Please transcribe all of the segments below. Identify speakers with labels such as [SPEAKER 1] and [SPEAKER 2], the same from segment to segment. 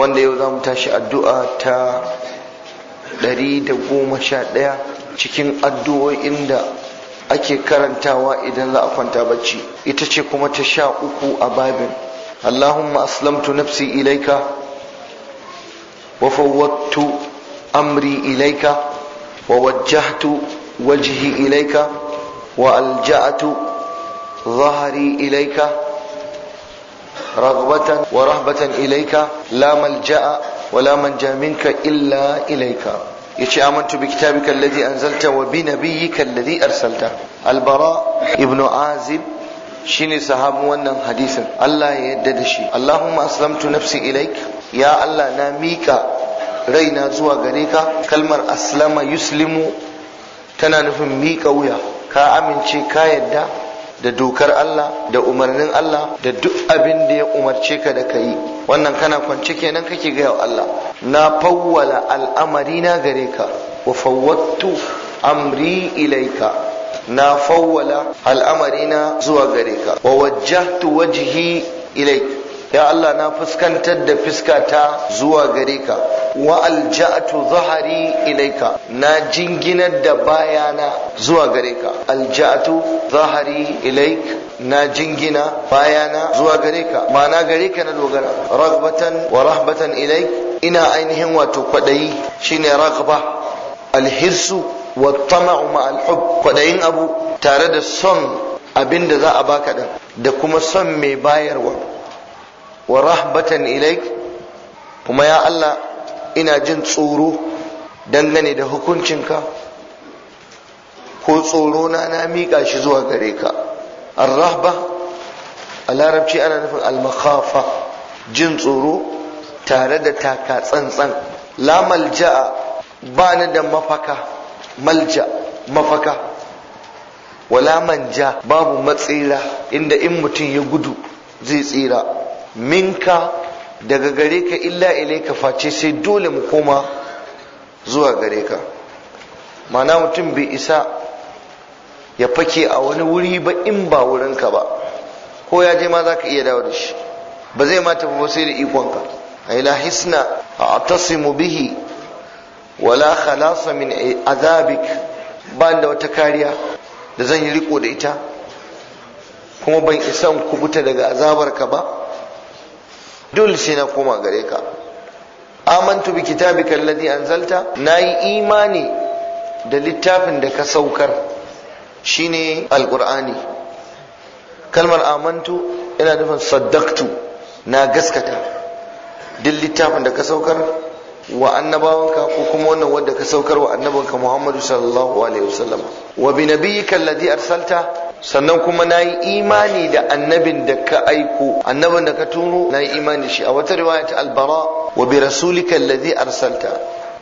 [SPEAKER 1] wanda yau za mu tashi addu'a ta 111 cikin addu'o'in da ake karantawa idan za a kwanta bacci ita ce kuma ta sha uku a babin allahumma aslamtu nafsi ilaika wa fawwattu amri ilaika wa wajjahtu wajihi ilaika wa alja'atu zahari ilaika. رغبة ورهبة إليك لا ملجأ ولا منجا منك إلا إليك يتي آمنت بكتابك الذي أنزلت وبنبيك الذي أرسلته البراء ابن عازب shine sahabin wannan hadisin Allah ya yadda da shi Allahumma aslamtu nafsi ilaik ya Allah na mika raina zuwa gare ka kalmar aslama yuslimu tana nufin mika wuya ka amince ka yadda da dokar Allah da umarnin Allah da duk abin da ya umarce ka da yi. wannan kana kwance kenan kake gaya wa Allah na fawwala al'amari na gare ka wa fawwattu amri ilaika na fawwala al'amari na zuwa gare ka wa wajjahtu wajhi ilaika ya Allah na fuskantar da ta zuwa gare ka wa alja'atu zahari ilaika na jinginar da bayana zuwa gare ka alja'atu zahari ilaik na jingina bayana zuwa gare ka ma'ana gare ka na dogara ragbatan wa rahbatan ilaik ina ainihin wato kwadayi shine ragba alhirsu wa tama'u ma alhub kwadayin abu tare da son abin da za a baka din da kuma son mai bayarwa wa rahbatan ilaik kuma ya Allah ina jin tsoro dangane da hukuncinka ko tsoro na na miƙa shi zuwa gare ka ar-rahba a larabci ana nufin al jin tsoro tare da taka tsantsan la malja'a ba ni da mafaka malja mafaka wala manja babu matsira inda in mutum ya gudu zai tsira minka daga gare ka illa ilaika face sai dole mu koma zuwa gare ka mana mutum bai isa ya fake a wani wuri ba in ba wurinka ba ko ya je ma za ka iya dawo da shi ba zai ma tafi ba sai da ikonka ila hisna a tasimu bihi wala khalasa min azabik ba da wata kariya da zan yi riko da ita kuma ban isa kubuta daga azabarka ba dole sai na koma gare ka amantu bi kitabika alladhi anzalta nayi imani da littafin da ka saukar shine alqur'ani kalmar amantu yana nufin saddaqtu na gaskata duk littafin da ka saukar wa annabawanka ko kuma wannan wanda ka saukar wa annabanka Muhammadu sallallahu alaihi wasallam wa bi nabiyyika alladhi arsalta sannan kuma na yi imani da annabin da ka aiko annabin da ka turo na yi imani shi a wata riwaya ta albara wa bi rasulika alladhi arsalta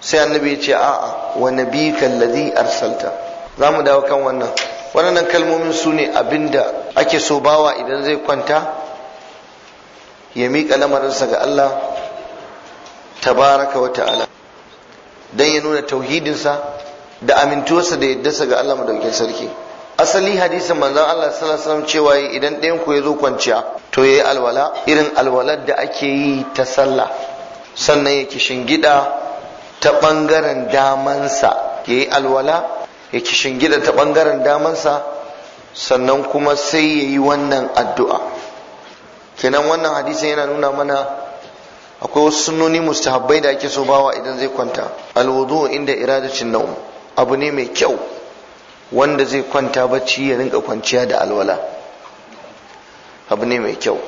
[SPEAKER 1] sai annabi ya ce a'a wa nabika alladhi arsalta za dawo kan wannan wannan kalmomin su ne abinda ake so bawa idan zai kwanta ya miƙa lamarinsa ga Allah tabaraka wa ta'ala don ya nuna tauhidinsa da amintuwarsa da yaddarsa ga Allah madaukakin sarki asali hadisin manzon Allah sallallahu alaihi wasallam cewa idan ɗayan ku ya zo kwanciya to yayi alwala irin alwalar da ake yi ta sallah sannan ya kishingida ta bangaren damansa yayi alwala ya kishingida ta bangaren damansa sannan kuma sai yayi wannan addu'a kenan wannan hadisin yana nuna mana akwai wasu sunnoni mustahabbai da ake so bawa idan zai kwanta alwudu inda iradacin nau abu ne mai kyau wanda zai kwanta bacci ya rinka kwanciya da alwala abu ne mai kyau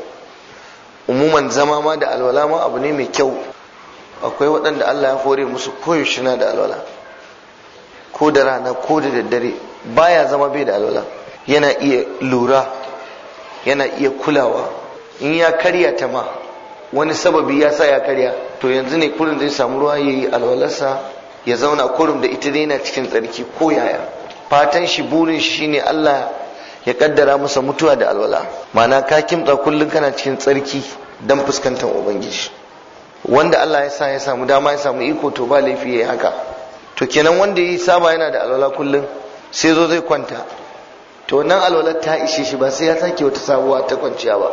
[SPEAKER 1] umuman zama ma da alwala ma abu ne mai kyau akwai waɗanda Allah ya kore musu koyaushe na da alwala ko da rana ko da daddare baya zama bai da alwala yana iya lura yana iya kulawa in ya karya ta ma wani sababi ya sa ya karya to yanzu ne kurin zai samu ruwa ya yi alwalarsa ya zauna kurin da ita dai yana cikin tsarki ko yaya fatan shi burin shi shine Allah ya kaddara masa mutuwa da alwala mana ka kimtsa kullum kana cikin tsarki dan fuskantar ubangiji wanda Allah ya sa ya samu dama ya samu iko to ba laifi yayi haka to kenan wanda ya saba yana da alwala kullum sai zo zai kwanta to nan alwalar ta ishe shi ba sai ya sake wata sabuwa ta kwanciya ba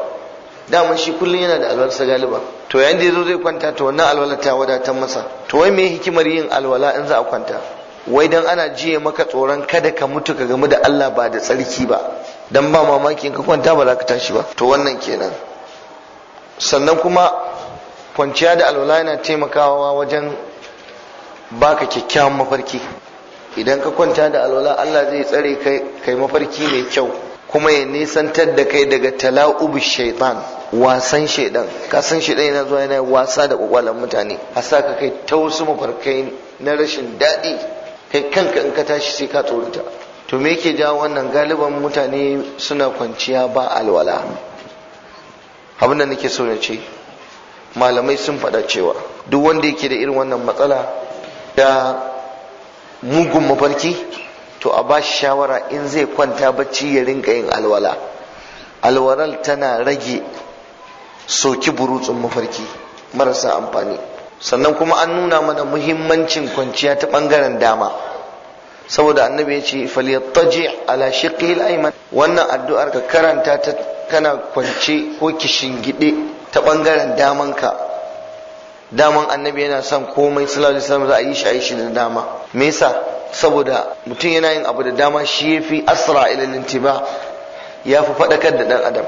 [SPEAKER 1] dama shi kullum yana da alwalarsa galiba to yayin da ya zo zai kwanta to wannan alwalar ta wadatar masa to wai me hikimar yin alwala in za a kwanta wai dan ana jiye maka tsoron kada ka mutu ka gamu da Allah ba da tsarki ba dan ba mamakin ka kwanta ba za ka tashi ba to wannan kenan sannan kuma kwanciya da alwala yana taimakawa wajen baka kyakkyawan mafarki idan ka kwanta da alwala Allah zai tsare kai kai mafarki mai kyau kuma ya nisantar da kai daga tala'ubu shaitan wasan shaidan ka san shaidan yana zuwa yana wasa da kwakwalan mutane a sa ka kai ta wasu mafarkai na rashin daɗi kai kanka in ka tashi sai ka tsorata to me yake jawo wannan galiban mutane suna kwanciya ba alwala abin da nake so na ce malamai sun faɗa cewa duk wanda yake da irin wannan matsala da mugun mafarki to a ba shawara in zai kwanta bacci ya rinka yin alwala alwaral tana rage soki burutsun mafarki marasa amfani sannan kuma an nuna mana muhimmancin kwanciya ta bangaren dama saboda annabi ya ce falyattaji ala al ayman wannan addu'ar ka karanta ta kana kwance ko gide. ta bangaren ka. daman annabi yana son komai sallallahu alaihi wasallam za a yi shi a yi shi da dama me yasa saboda mutum yana yin abu da dama shi yafi asra ila al ya fi faɗakar da dan adam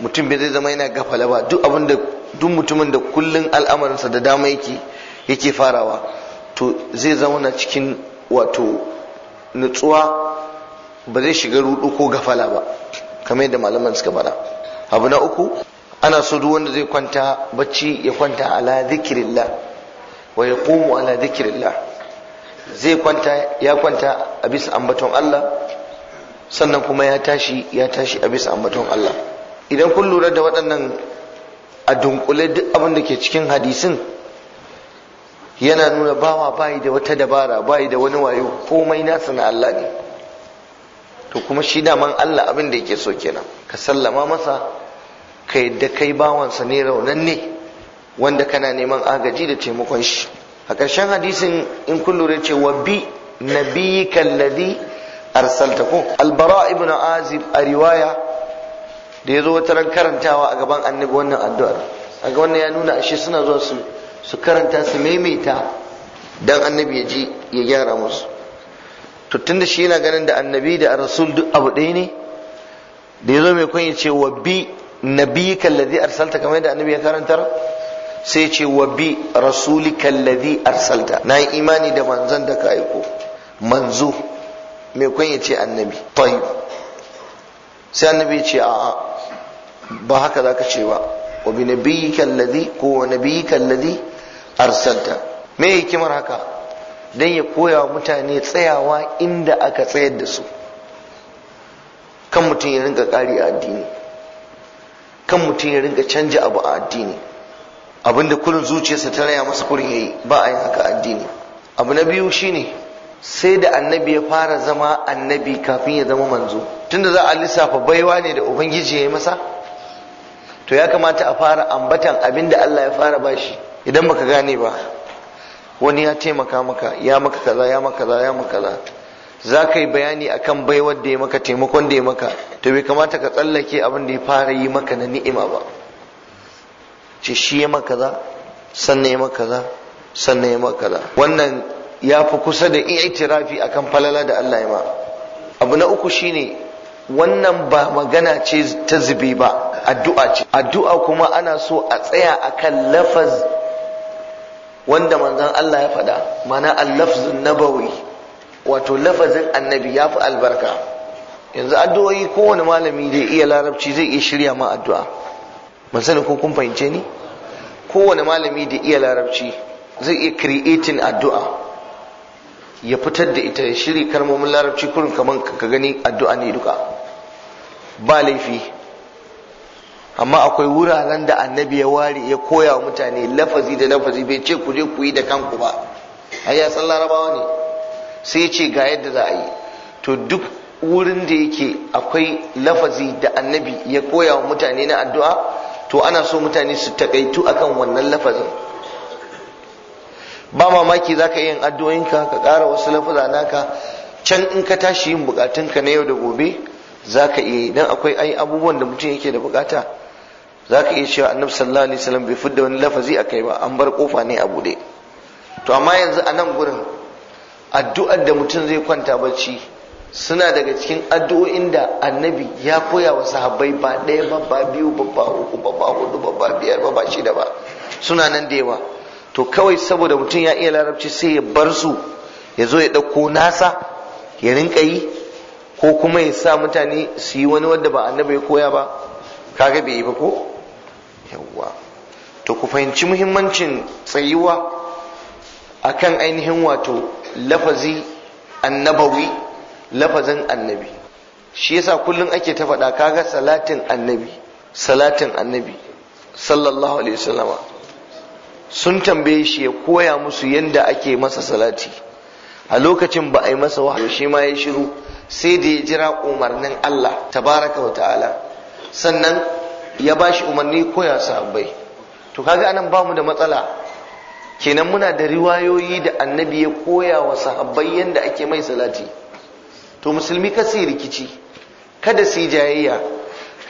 [SPEAKER 1] mutum bai zai zama yana gafala ba duk abin duk mutumin da kullun al'amarinsa da dama yake yake farawa to zai zauna cikin wato nutsuwa ba zai shiga rudu ko gafala ba kamar yadda malaman suka bada abu na uku ana so duk wanda zai kwanta bacci ya kwanta ala zikirillah wa ya ala zikirillah zai kwanta ya kwanta a bisa ambaton Allah sannan kuma ya tashi ya tashi a bisa ambaton Allah idan kun lura da waɗannan a dunkule duk abin da ke cikin hadisin yana nuna bawa bayi da wata dabara bayi da wani wayo komai nasa na Allah ne to kuma shi man Allah abin da yake so kenan ka sallama masa ka yadda kai bawansa ne raunan ne wanda kana neman agaji da taimakon shi a ƙarshen hadisin in kun lura ce wa bi nabiyyika alladhi arsalta ko albara ibn azib a riwaya da ya zo wata ran karantawa a gaban annabi wannan addu'ar a ga wannan ya nuna ashe suna zuwa su karanta su maimaita dan annabi ya ji ya gyara musu to tunda shi yana ganin da annabi da rasul duk abu ɗaya ne da ya zo mai kun ce wa bi nabiyika alladhi arsalta kamar yadda annabi ya karantar sai ce wa bi rasulika alladhi arsalta na yi imani da manzon da ka aiko manzo mai kun ce annabi tayyib sai annabi ce a'a ba haka za ka ce ba wa bi nabiyyika kalladi ko wa nabiyyika alladhi arsalta hikimar haka don ya koya wa mutane tsayawa inda aka tsayar da su kan mutum ya rinka ƙari a addini kan mutum ya rinka canja abu a addini abinda kullum zuciyarsa ta raya masa kurin yayi ba a yi haka addini abu na biyu shine sai da annabi ya fara zama annabi kafin ya zama manzo tunda za a lissafa baiwa ne da ubangiji ya yi masa to ya kamata a fara ambatan abin da Allah ya fara bashi idan baka gane ba wani ya taimaka maka ya maka kaza ya maka kaza ya maka kaza za ka yi bayani akan baiwar da ya maka taimakon da ya maka to bai kamata ka tsallake abin da ya fara yi maka na ni'ima ba ce shi ya maka kaza sannan ya maka kaza sannan ya maka kaza wannan ya fi kusa da i'tirafi akan falala da Allah ya ma abu na uku shine wannan ba magana ce ta zube ba addu'a ce addu'a kuma ana so a tsaya akan lafaz wanda manzon Allah ya faɗa mana al-lafzun nabawi wato lafazin annabi ya fi albarka yanzu addu'o'i kowane malami da iya larabci zai iya shirya ma addu'a ban sani ko kun fahimce ni kowane malami da iya larabci zai iya creating addu'a ya fitar da ita ya shiri kalmomin larabci kurin kamar ka gani addu'a ne duka ba laifi amma akwai wuraren da annabi ya ware ya koya wa mutane lafazi da lafazi bai ce ku je ku yi da kanku ba ai ya san larabawa ne sai ya ce ga yadda za a yi to duk wurin da yake akwai lafazi da annabi ya koya wa mutane na addu'a to ana so mutane su takaitu akan wannan lafazin ba mamaki za ka yin addu'o'inka ka ƙara wasu lafuza naka can in ka tashi yin bukatunka na yau da gobe za ka iya don akwai ai abubuwan da mutum yake da bukata za ka iya cewa annabi sallallahu alaihi wasallam bai fidda wani lafazi a kai ba an bar kofa ne a bude. to amma yanzu a nan gurin addu'ar da mutum zai kwanta barci suna daga cikin addu'o'in da annabi ya koya wa sahabbai ba ɗaya ba biyu ba uku ba ba hudu ba ba biyar ba ba shida ba suna nan da yawa to kawai saboda mutum ya iya larabci sai ya bar su ya zo ya ɗauko nasa ya rinka yi ko kuma ya sa mutane su yi wani wanda ba annabi ya koya ba kaga bai yi ba ko yawwa to ku fahimci muhimmancin tsayuwa akan ainihin wato lafazi annabawi lafazin annabi shi yasa kullum ake ta faɗa kaga salatin annabi salatin annabi sallallahu alaihi wasallama sun tambaye shi ya koya musu yadda ake masa salati a lokacin ba a yi masa wahayi shi ma ya shiru sai da ya jira umarnin Allah tabaraka wa ta'ala sannan ya ba shi umarni koya sahabbai to kaga anan ba mu da matsala kenan muna da riwayoyi da annabi ya koya wa sahabbai yadda ake mai salati to musulmi ka sai rikici kada sai jayayya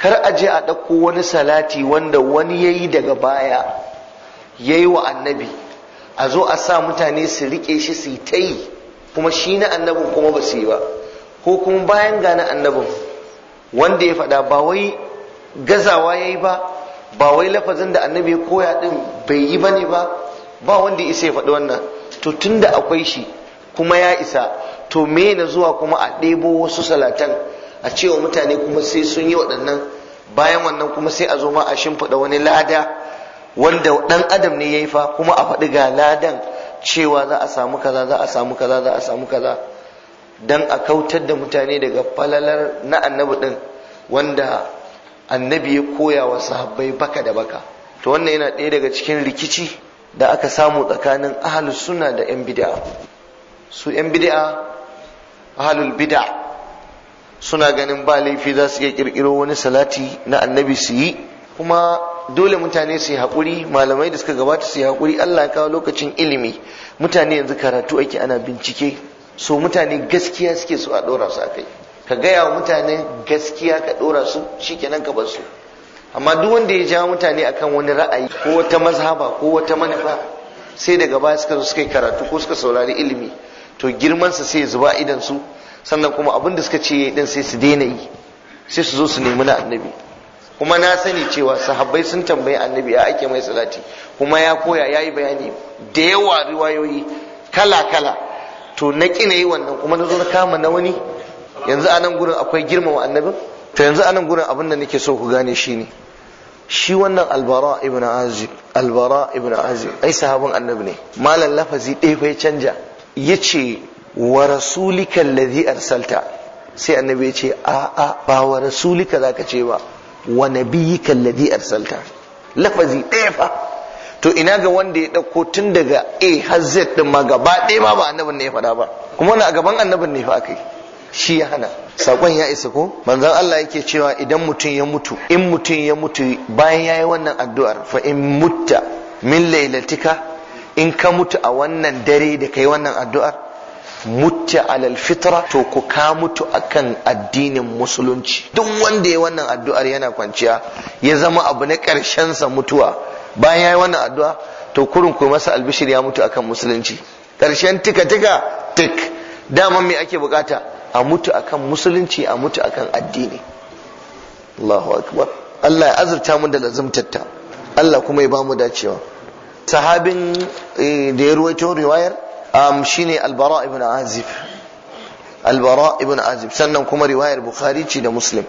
[SPEAKER 1] kar a je a ɗauko wani salati wanda wani ya yi daga baya ya yi wa annabi a zo a sa mutane su riƙe shi su yi ta yi kuma shi na annabin kuma ba su yi ba ko kuma bayan gane annabin wanda ya faɗa ba wai gazawa ya yi ba ba wai lafazin da annabi ya koya ɗin bai yi ba ne ba ba wanda ya isa ya faɗi wannan to tun da akwai shi kuma ya isa to me na zuwa kuma a ɗebo wasu salatan a cewa mutane kuma sai sun yi waɗannan bayan wannan kuma sai a zo ma a shimfiɗa wani lada wanda ɗan adam ne ya yi fa kuma a faɗi ga ladan cewa za a samu kaza za a samu kaza za a samu kaza dan a kautar da mutane daga falalar na annabi ɗin, wanda annabi ya koya wa sahabbai baka da baka to wannan yana ɗaya daga cikin rikici da aka samu tsakanin ahlus sunna da yan bid'a su yan bid'a ahlul bid'a suna ganin ba laifi za su iya kirkiro wani salati na annabi su yi kuma dole mutane su yi haƙuri malamai da suka gabata su yi haƙuri Allah ya kawo lokacin ilimi mutane yanzu karatu ake ana bincike so mutane gaskiya suke so a ɗora su a ka gaya wa mutane gaskiya ka ɗora su shi kenan ka bar su amma duk wanda ya jawo mutane akan wani ra'ayi ko wata mazhaba ko wata manufa sai daga baya suka zo suka yi karatu ko suka saurari ilimi to girmansa sai ya zuba idan su sannan kuma abin da suka ce din sai su daina yi sai su zo su nemi na annabi kuma na sani cewa sahabbai sun tambayi annabi ya ake mai salati kuma ya koya ya yi bayani da yawa riwayoyi kala kala to na kina yi wannan kuma na zo na kama na wani yanzu anan gurin akwai girmama annabin to yanzu anan gurin abin da nake so ku gane shi ne shi wannan albara ibn azib albara ibn azib ai sahabin annabi ne malam lafazi ɗaya fa canja yace wa rasulika allazi arsalta sai annabi ya ce a a ba wa rasulika zaka ce ba wa nabiyyika alladhi arsalta lafazi ɗaya fa to ina ga wanda ya ɗauko tun daga a har z din ma gaba ɗaya ma ba annabin ne ya faɗa ba kuma na a gaban annabin ne fa akai shi ya hana sakon ya isa ko manzon Allah yake cewa idan mutum ya mutu in mutum ya mutu bayan yayi wannan addu'ar fa in mutta min laylatika in ka mutu a wannan dare da kai wannan addu'ar mutu alal fitra to ku ka mutu akan addinin musulunci duk wanda ya wannan addu'ar yana kwanciya ya zama abu na ƙarshen sa mutuwa bayan yayi wannan addu'a to kurin ku masa albishir ya mutu akan musulunci ƙarshen tika tika tik dama me ake bukata a mutu akan musulunci a mutu akan addini Allahu akbar Allah ya azurta mu da lazumtatta Allah kuma ya bamu dacewa sahabin eh, da ya ruwaito riwayar um, ne albara ibn azib albara ibn azib sannan kuma riwayar bukhari ce da muslim